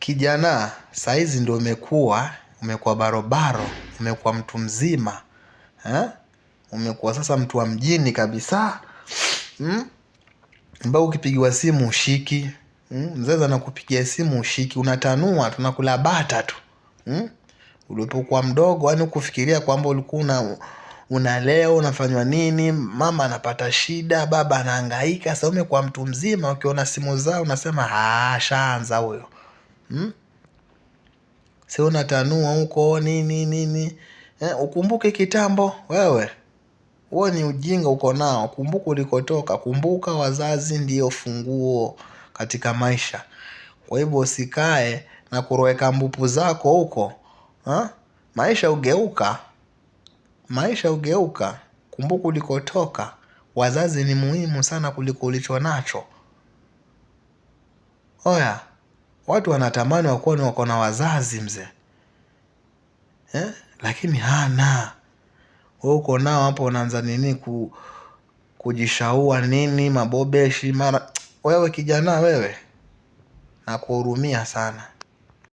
Kijana saizi ndio umekua, umekua barobaro, umekua mtu mzima. Eh? Umekua sasa mtu wa mjini kabisa ambao hmm? ukipigiwa simu hushiki. Hmm? Mzazi anakupigia simu ushiki, Unatanua, tunakula bata tu. Hmm? Ulipokuwa mdogo yaani hukufikiria kwamba ulikuwa unalewa, unafanywa nini. Mama anapata shida, baba anahangaika. Sasa umekuwa mtu mzima ukiona simu zao unasema shaanza huyo. Hmm? Si unatanua huko nini nini eh, ukumbuke kitambo wewe. Huo ni ujinga uko nao. Kumbuka ulikotoka. Kumbuka wazazi ndio funguo katika maisha. Kwa hivyo usikae na kuroweka mbupu zako huko ha? Maisha ugeuka, maisha ugeuka. Kumbuka ulikotoka. Wazazi ni muhimu sana kuliko ulicho nacho. Oya. Watu wanatamani wakuwa ni wako na wazazi mzee eh? Lakini hana we uko nao hapo, unaanza nini ku, kujishaua nini, mabobeshi mara. Wewe kijana wewe, nakuhurumia sana.